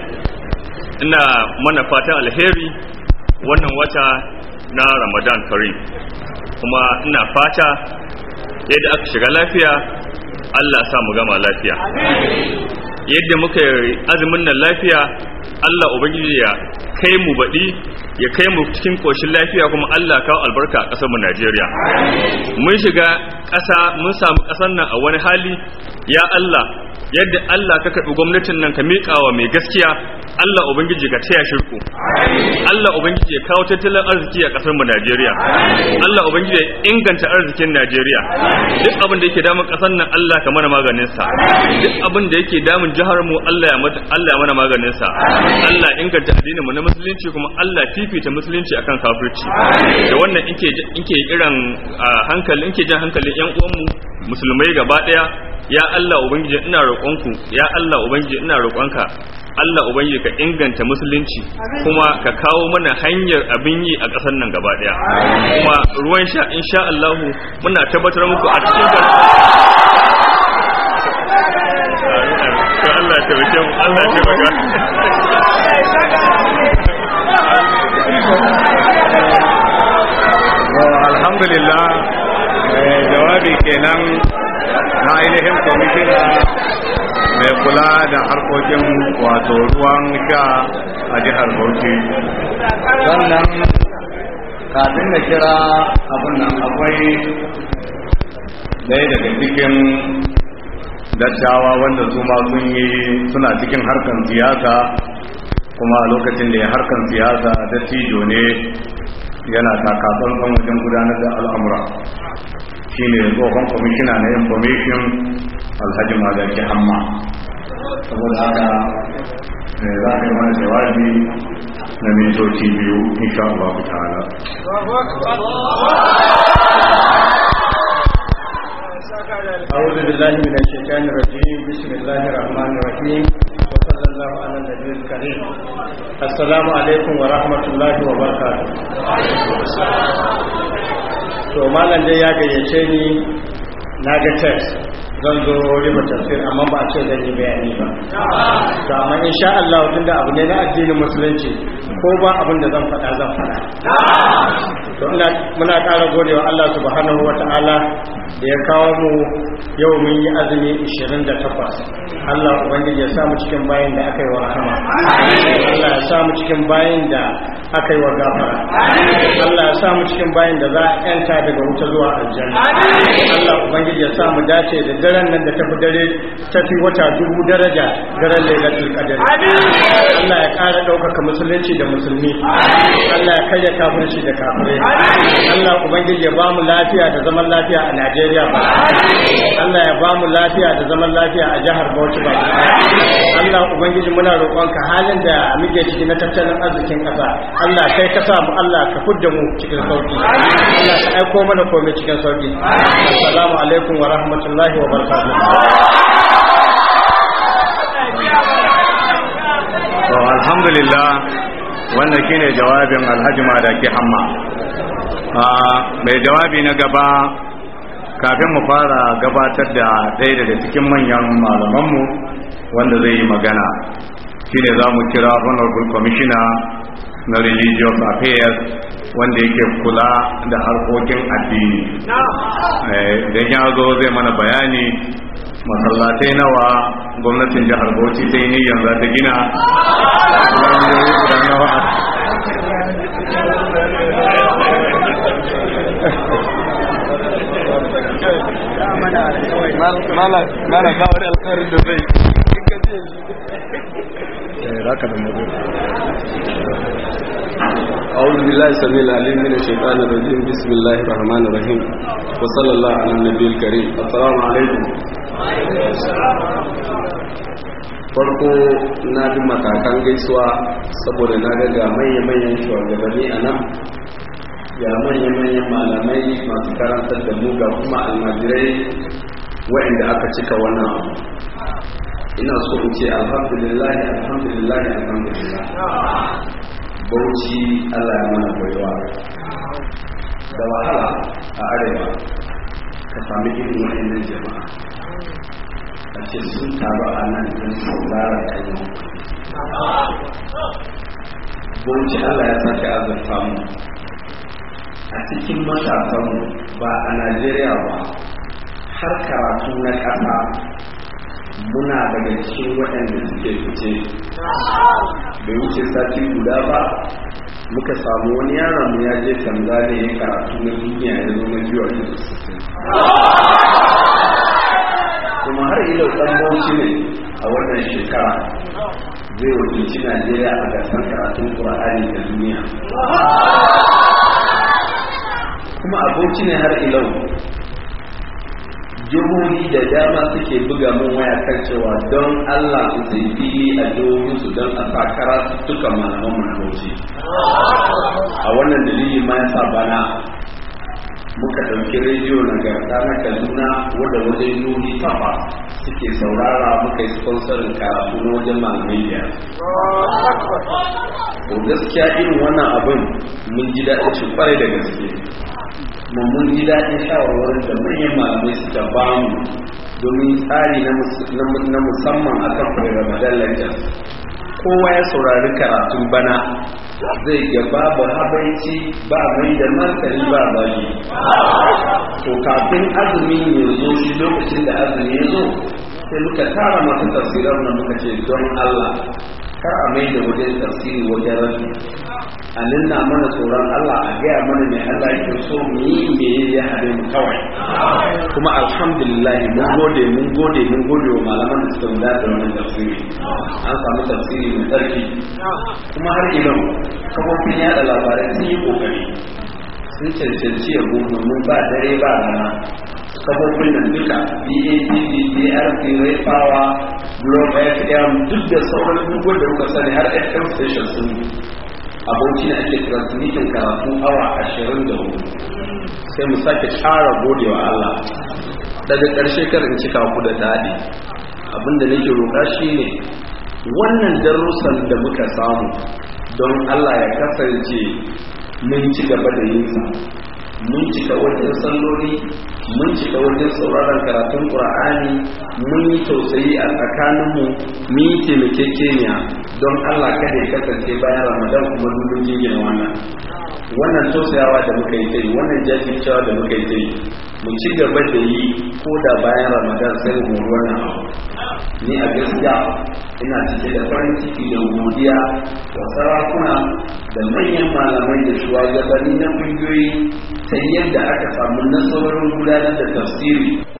ina mana fatan alheri wannan wata na Ramadan Karim kuma ina fata yadda aka shiga lafiya Allah sa mu gama lafiya yadda muka azumin nan lafiya Allah ubangiji ya kai mu baɗi ya kai mu cikin koshin lafiya kuma Allah kawo albarka a ƙasar mu Najeriya mun shiga ƙasa mun samu ƙasar nan a wani hali ya Allah yadda Allah ka karɓi gwamnatin nan ka miƙawa mai gaskiya Allah ubangiji ka taya shirku Allah ubangiji ya kawo tattalin arziki a ƙasar mu Najeriya Allah ubangiji ya inganta arzikin Najeriya duk abin da yake damun ƙasar nan Allah ka mana maganin sa duk abin da yake damun jihar mu Allah ya mana maganin sa Allah inganta addinin mu na musulunci kuma Allah fifita musulunci akan kafirci da wannan inke inke irin hankali inke jan hankalin yan uwan mu musulmai gaba daya ya Allah ubangiji ina roƙonku ya Allah ubangiji ina roƙonka Allah ubangiji ka inganta musulunci kuma ka kawo mana hanyar abin yi a ƙasar nan gaba daya kuma ruwan sha insha Allah muna tabbatar muku a cikin Allah ya tabbata Allah ya tabbata alhamdulillah eh, jawabi kenan na ainihin kwamishina mai kula da harkokin wato ruwan sha a jihar bauchi sannan kafin na kira abin nan akwai daya daga cikin dattawa wanda su ma sun yi suna cikin harkar siyasa kuma a lokacin da ya harkan siyasa a tijo ne yana takatsantsan wajen gudanar da al'amura shi ne tsohon kwamishina na information alhaji madaki hamma saboda haka eh, za a yi mana jawabi na mintoci biyu insha Allah ta'ala أعوذ بالله من الشيطان الرجيم بسم الله الرحمن الرحيم والسلام على النبي الكريم السلام عليكم ورحمة الله to malam dai ya gayyace ni na ga test zan zo riba tafsir amma ba a ce zan yi bayani ba to amma insha Allah tunda abu ne na addinin musulunci ko ba abin da zan faɗa zan faɗa muna ƙara gode wa Allah subhanahu wa ta'ala da ya kawo mu yau mun yi azumi 28 Allah ubangiji ya samu cikin bayan da aka yi wa rahama Allah ya samu cikin bayan da aka yi wa gafara Allah ya samu cikin bayan da za a yanta daga wuta zuwa aljanna Allah ubangiji ya samu dace da daren nan da tafi dare tafi wata dubu daraja daren lailatul qadr Allah ya ƙara ɗaukaka musulunci da musulmi Allah ya karya kafirci da kafirai Allah ubangiji ya ba mu lafiya da zaman lafiya a Najeriya ba Allah ya ba mu lafiya da zaman lafiya a jihar Bauchi ba Allah ubangiji muna roƙonka halin da muke ciki na tattalin arzikin ƙasa Allah kai ka sa mu Allah ka fudda mu cikin sauki Allah ka aiko mana komai cikin sauki assalamu alaikum wa rahmatullahi wa barakatuh alhamdulillah wannan shine jawabin Alhaji Madaki Hamma mai jawabi na gaba kafin mu fara gabatar da ɗaya daga cikin manyan malamanmu wanda zai yi magana shine za mu kira honorable commissioner na religious affairs wanda yake kula da harkokin addini eh, idan ya zo zai mana bayani masallatai nawa gwamnatin jihar bauchi ta yi niyyar za ta gina mala kawar alkarin da zai أعوذ بالله السميع العليم من الشيطان الرجيم بسم الله الرحمن الرحيم وصلى الله على النبي الكريم السلام عليكم farko na bi matakan gaisuwa saboda na ga ga manya-manyan shugabanni a nan ga manya-manyan malamai masu karantar da mu ga kuma almajirai waɗanda aka cika wannan ina so in ce alhamdulillah alhamdulillah alhamdulillah bauchi allah ya mana baiwa da wahala a arewa ka sami irin wa'annan jama'a a ce sun taru a nan don saurara kalmar bauchi allah ya sake azurfa mu a cikin matasanmu ba a najeriya ba har karatu na kasa muna daga cikin waɗanda suke fice bai wuce sati guda ba muka samu wani yaron mu ya je tanzania ya karatu na duniya ya zo na biyu a kuma har ila ɗan bauchi ne a wannan shekara zai wakilci najeriya a gasar karatun ƙur'ani da duniya kuma a bauchi ne har ilau jihohi da dama suke buga mun waya kan cewa don Allah su sai fili a jihohin su don a takara su duka malaman mahauci a wannan dalili ma ya sa bana muka ɗauki rediyo na garta na kaduna wadda wajen nuni tafa suke saurara muka yi sponsorin karatu wajen malamai biyar to gaskiya irin wannan abin mun ji daɗin shi kwarai da gaske mu mun ji daɗin shawarwarin da manyan malamai suka ba mu domin tsari na musamman a kan ramadan lantar kowa ya saurari karatun bana zai ga babu habaici ba mai da martani ba shi to kafin azumi ya zo shi lokacin da azumi ya zo sai muka tara masu tafsirar na muka ce don allah kar a mai da wajen tafsiri wajen rashi a nuna mana tsoron Allah a gaya mana mai Allah yake so mu yi me ya haɗe mu kawai kuma alhamdulillah mun gode mun gode mun gode wa malaman da suka gudanar da wannan tafsiri an samu tafsiri mai tsarki kuma har idan kafofin yada labarai sun yi kokari sun cancanci ya gudu mun ba dare ba rana sabon nan duka BATD ARP rai Globe FM duk da sauran abubuwan da muka sani har FM station sun yi aboki na ake transmitting karatu awa ashirin da hudu sai mu sake ƙara gode wa Allah daga ƙarshe kar in cika ku da daɗi abinda nake roƙa shi ne wannan darussan da muka samu don Allah ya kasance mun ci gaba da yin sa mun cika wajen salloli mun cika wajen sauraron karatun qur'ani mun yi tausayi a tsakaninmu mun yi taimakekeniya don allah kada ya kasance bayan ramadan kuma dubin jingina wannan wannan tausayawa da muka yi tai wannan jajircewa da muka yi tai mu ci gaba da yi ko da bayan ramadan sai mu wannan abu ni a gaskiya ina cike da farin ciki da godiya wa sarakuna da manyan malamai da shugabanni na kungiyoyi sai yadda aka samu nasarorin gudanar da tafsiri